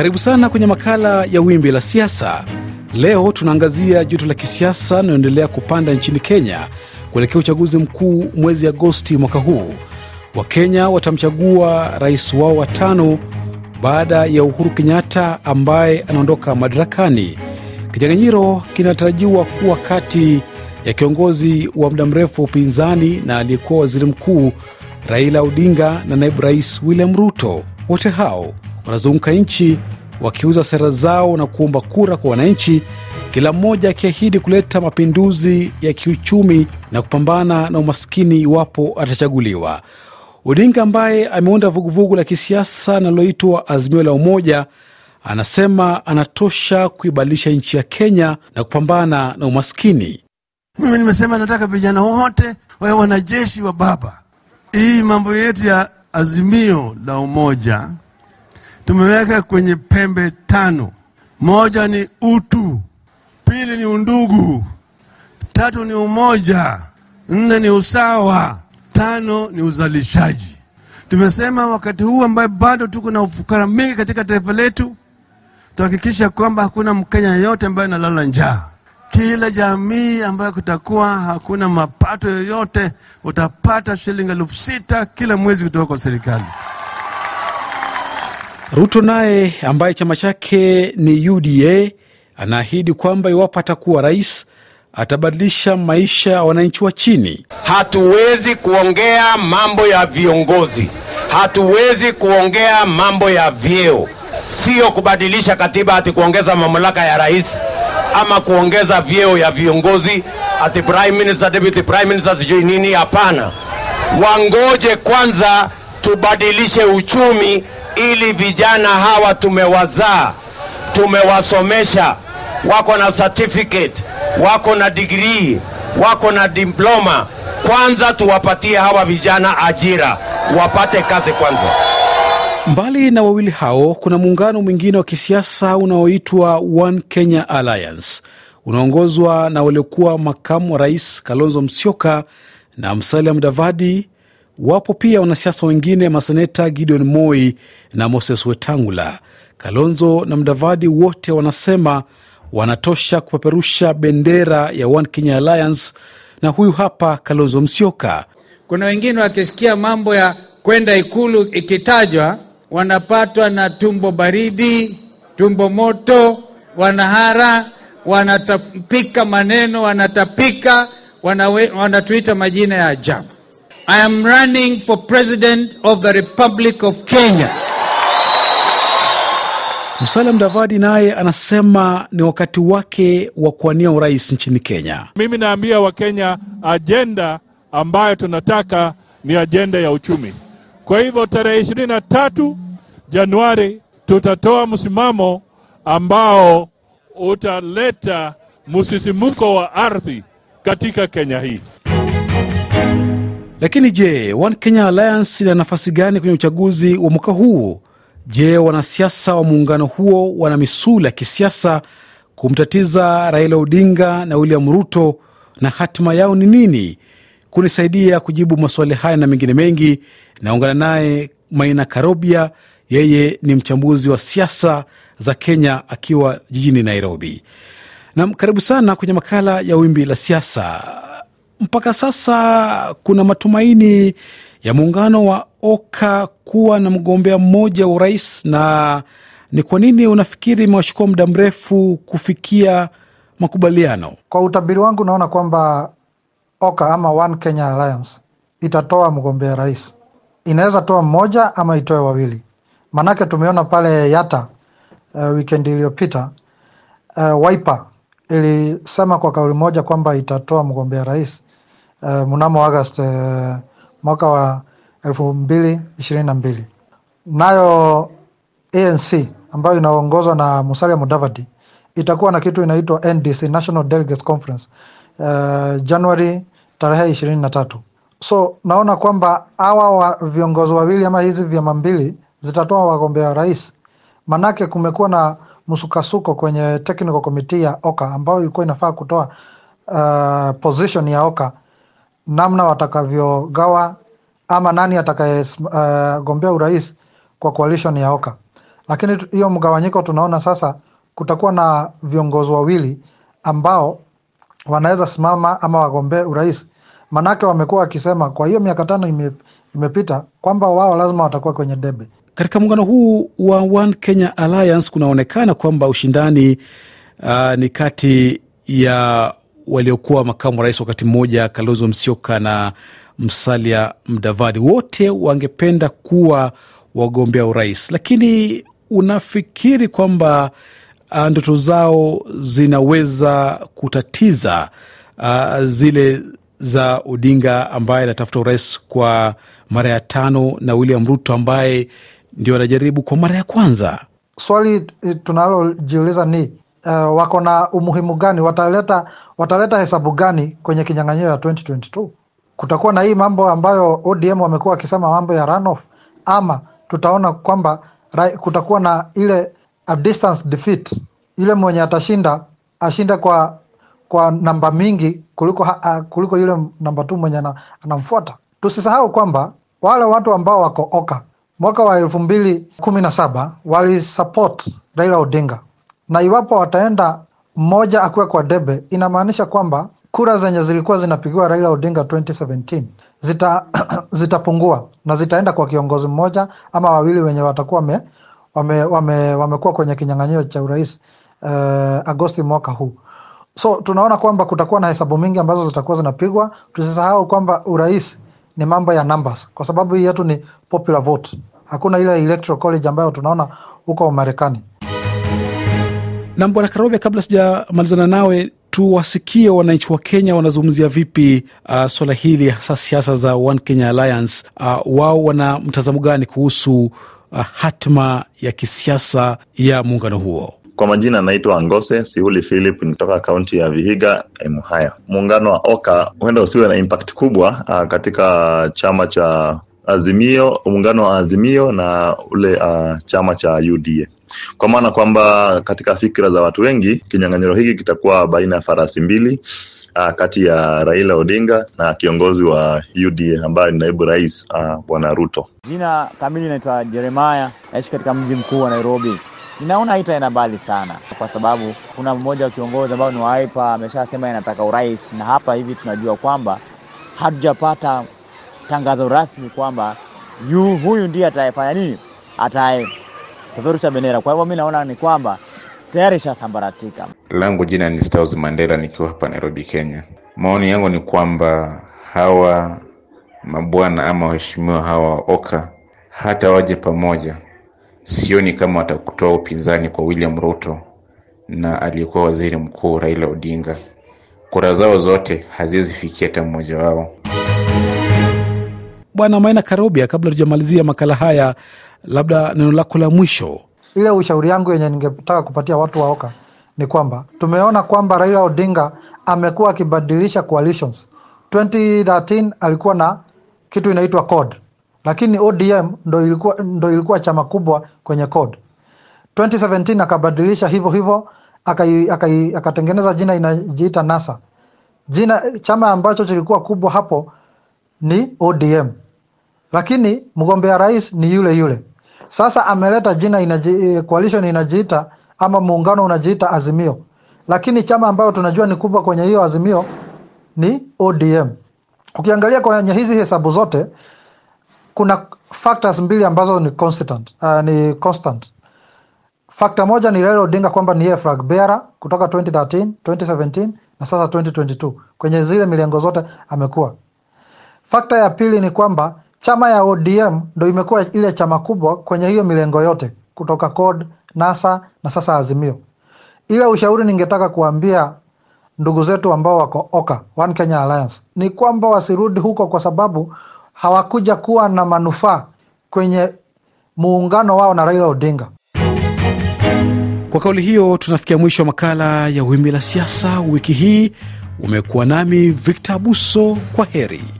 Karibu sana kwenye makala ya Wimbi la Siasa. Leo tunaangazia joto la kisiasa inayoendelea kupanda nchini Kenya kuelekea uchaguzi mkuu mwezi Agosti mwaka huu. Wakenya watamchagua rais wao watano baada ya Uhuru Kenyatta ambaye anaondoka madarakani. Kinyang'anyiro kinatarajiwa kuwa kati ya kiongozi wa muda mrefu wa upinzani na aliyekuwa waziri mkuu Raila Odinga na naibu rais William Ruto. Wote hao wanazunguka nchi wakiuza sera zao na kuomba kura kwa wananchi, kila mmoja akiahidi kuleta mapinduzi ya kiuchumi na kupambana na umaskini iwapo atachaguliwa. Odinga ambaye ameunda vuguvugu la kisiasa linaloitwa Azimio la Umoja anasema anatosha kuibadilisha nchi ya Kenya na kupambana na umaskini. Mimi nimesema nataka vijana wote wawe wanajeshi wa baba. Hii mambo yetu ya Azimio la Umoja tumeweka kwenye pembe tano. Moja ni utu, pili ni undugu, tatu ni umoja, nne ni usawa, tano ni uzalishaji. Tumesema wakati huu ambaye bado tuko na ufukara mingi katika taifa letu, tuhakikisha kwamba hakuna Mkenya yeyote ambaye analala njaa. Kila jamii ambayo kutakuwa hakuna mapato yoyote, utapata shilingi elfu sita kila mwezi kutoka kwa serikali. Ruto naye ambaye chama chake ni UDA anaahidi kwamba iwapo atakuwa rais atabadilisha maisha ya wananchi wa chini. Hatuwezi kuongea mambo ya viongozi, hatuwezi kuongea mambo ya vyeo, sio kubadilisha katiba ati kuongeza mamlaka ya rais ama kuongeza vyeo ya viongozi ati prime minister, deputy prime minister, sijui nini. Hapana, wangoje kwanza tubadilishe uchumi ili vijana hawa tumewazaa, tumewasomesha, wako na certificate, wako na degree, wako na diploma. Kwanza tuwapatie hawa vijana ajira, wapate kazi kwanza. Mbali na wawili hao, kuna muungano mwingine wa kisiasa unaoitwa One Kenya Alliance unaongozwa na waliokuwa makamu wa rais Kalonzo Musyoka na Musalia Mudavadi Wapo pia wanasiasa wengine, maseneta Gideon Moi na Moses Wetangula, Kalonzo na Mdavadi, wote wanasema wanatosha kupeperusha bendera ya One Kenya Alliance. Na huyu hapa Kalonzo msioka Kuna wengine wakisikia mambo ya kwenda Ikulu ikitajwa wanapatwa na tumbo baridi, tumbo moto, wanahara, wanatapika maneno, wanatapika, wanatuita majina ya ajabu. I am running for president of the Republic of Kenya. Musalia Mudavadi naye anasema ni wakati wake wa kuwania urais nchini Kenya. Mimi naambia Wakenya ajenda ambayo tunataka ni ajenda ya uchumi. Kwa hivyo tarehe 23 Januari tutatoa msimamo ambao utaleta msisimuko wa ardhi katika Kenya hii. Lakini je, One Kenya Alliance ina nafasi gani kwenye uchaguzi wa mwaka huu? Je, wanasiasa wa muungano huo wana misuli ya kisiasa kumtatiza Raila Odinga na William Ruto, na hatima yao ni nini? Kunisaidia kujibu maswali haya na mengine mengi, naungana naye Maina Karobia. Yeye ni mchambuzi wa siasa za Kenya akiwa jijini Nairobi. Nam, karibu sana kwenye makala ya Wimbi la Siasa mpaka sasa kuna matumaini ya muungano wa OKA kuwa na mgombea mmoja wa urais, na ni kwa nini unafikiri imewachukua muda mrefu kufikia makubaliano? Kwa utabiri wangu, naona kwamba OKA ama One Kenya Alliance itatoa mgombea rais. Inaweza toa mmoja ama itoe wawili, maanake tumeona pale Yata uh, eh, wikendi iliyopita uh, eh, wipe ilisema kwa kauli moja kwamba itatoa mgombea rais Eh, mnamo August uh, mwaka wa elfu mbili ishirini na mbili. Nayo ANC ambayo inaongozwa na Musalia Mudavadi itakuwa na kitu inaitwa NDC, National Delegates Conference uh, eh, Januari tarehe ishirini na tatu. So naona kwamba hawa wa viongozi wawili ama hizi vyama mbili zitatoa wagombea wa rais, manake kumekuwa na msukasuko kwenye technical committee ya Oka ambayo ilikuwa inafaa kutoa uh, position ya Oka namna watakavyogawa ama nani atakayegombea uh, urais kwa coalition ya Oka. Lakini hiyo mgawanyiko tunaona sasa, kutakuwa na viongozi wawili ambao wanaweza simama ama wagombee urais, manake wamekuwa wakisema kwa hiyo miaka tano ime, imepita kwamba wao lazima watakuwa kwenye debe. Katika muungano huu wa One Kenya Alliance kunaonekana kwamba ushindani uh, ni kati ya waliokuwa makamu wa rais wakati mmoja Kalonzo Musyoka na Musalia Mudavadi, wote wangependa kuwa wagombea urais, lakini unafikiri kwamba uh, ndoto zao zinaweza kutatiza uh, zile za Odinga ambaye anatafuta urais kwa mara ya tano na William Ruto ambaye ndio anajaribu kwa mara ya kwanza? Swali tunalojiuliza ni uh, wako na umuhimu gani? Wataleta wataleta hesabu gani kwenye kinyang'anyiro ya 2022? Kutakuwa na hii mambo ambayo ODM wamekuwa wakisema mambo ya runoff, ama tutaona kwamba kutakuwa na ile a distance defeat, ile mwenye atashinda ashinde kwa kwa namba mingi kuliko uh, kuliko ile namba tu mwenye na, anamfuata. Tusisahau kwamba wale watu ambao wako oka mwaka wa elfu mbili kumi na saba walisupport Raila Odinga na iwapo wataenda mmoja akuwe kwa debe, inamaanisha kwamba kura zenye zilikuwa zinapigiwa Raila Odinga 2017 zita zitapungua na zitaenda kwa kiongozi mmoja ama wawili wenye watakuwa wame, wame, wame, wamekuwa kwenye kinyang'anyiro cha urais uh, Agosti mwaka huu. So tunaona kwamba kutakuwa na hesabu mingi ambazo zitakuwa zinapigwa. Tusisahau kwamba urais ni mambo ya numbers, kwa sababu hii yetu ni popular vote, hakuna ile electoral college ambayo tunaona huko Marekani. Na Bwana Karobe, kabla sijamalizana nawe, tuwasikie wananchi wa Kenya wanazungumzia vipi uh, swala hili hasa siasa za One Kenya Alliance. Uh, wao wana mtazamo gani kuhusu uh, hatima ya kisiasa ya muungano huo? Kwa majina anaitwa ngose Sihuli Philip, nitoka kaunti ya Vihiga, Emuhaya. Muungano wa OKA huenda usiwe na impact kubwa uh, katika chama cha Azimio, muungano wa Azimio na ule uh, chama cha UDA kwa maana kwamba katika fikra za watu wengi kinyang'anyiro hiki kitakuwa baina ya farasi mbili uh, kati ya Raila Odinga na kiongozi wa UDA ambaye ni naibu rais uh, Bwana Ruto. Jina kamili inaitwa Jeremaya, naishi katika mji mkuu wa Nairobi. Ninaona itaenda mbali sana, kwa sababu kuna mmoja wa kiongozi ambao ni waipa ameshasema anataka urais, na hapa hivi tunajua kwamba hatujapata tangazo rasmi kwamba yu huyu ndiye atayefanya nini ataye kupeperusha bendera. Kwa hivyo mi naona ni kwamba tayari ishasambaratika. Langu jina ni Staus Mandela, nikiwa hapa Nairobi, Kenya. Maoni yangu ni kwamba hawa mabwana ama waheshimiwa hawa oka hata waje pamoja, sioni kama watakutoa upinzani kwa William Ruto na aliyekuwa waziri mkuu Raila Odinga. Kura zao zote hazizifikia hata mmoja wao. Bwana Maina Karobia, kabla tujamalizia makala haya, labda neno lako la mwisho. Ile ushauri yangu yenye ningetaka kupatia watu wa Oka ni kwamba tumeona kwamba Raila Odinga amekuwa akibadilisha coalitions. 2013 alikuwa na kitu inaitwa CORD, lakini ODM ndo ilikuwa, ndo ilikuwa chama kubwa kwenye CORD. 2017 akabadilisha hivyo hivyo, akatengeneza aka, jina inajiita NASA. Jina chama ambacho kilikuwa kubwa hapo ni ODM lakini mgombea rais ni yule yule. Sasa ameleta jina inaji, eh, coalition inajiita ama muungano unajiita Azimio, lakini chama ambayo tunajua ni kubwa kwenye hiyo Azimio ni ODM. Ukiangalia kwenye hizi hesabu zote kuna factors mbili ambazo ni constant, uh, ni constant. Factor moja ni Raila Odinga kwamba ni yeye flag bearer kutoka 2013, 2017 na sasa 2022 kwenye zile milengo zote amekuwa. Factor ya pili ni kwamba Chama ya ODM ndo imekuwa ile chama kubwa kwenye hiyo milengo yote kutoka CORD, NASA na sasa Azimio. Ile ushauri ningetaka kuambia ndugu zetu ambao wako OKA, One Kenya Alliance, ni kwamba wasirudi huko kwa sababu hawakuja kuwa na manufaa kwenye muungano wao na Raila Odinga. Kwa kauli hiyo, tunafikia mwisho wa makala ya Wimbi la Siasa wiki hii. Umekuwa nami Victor Abuso, kwa heri.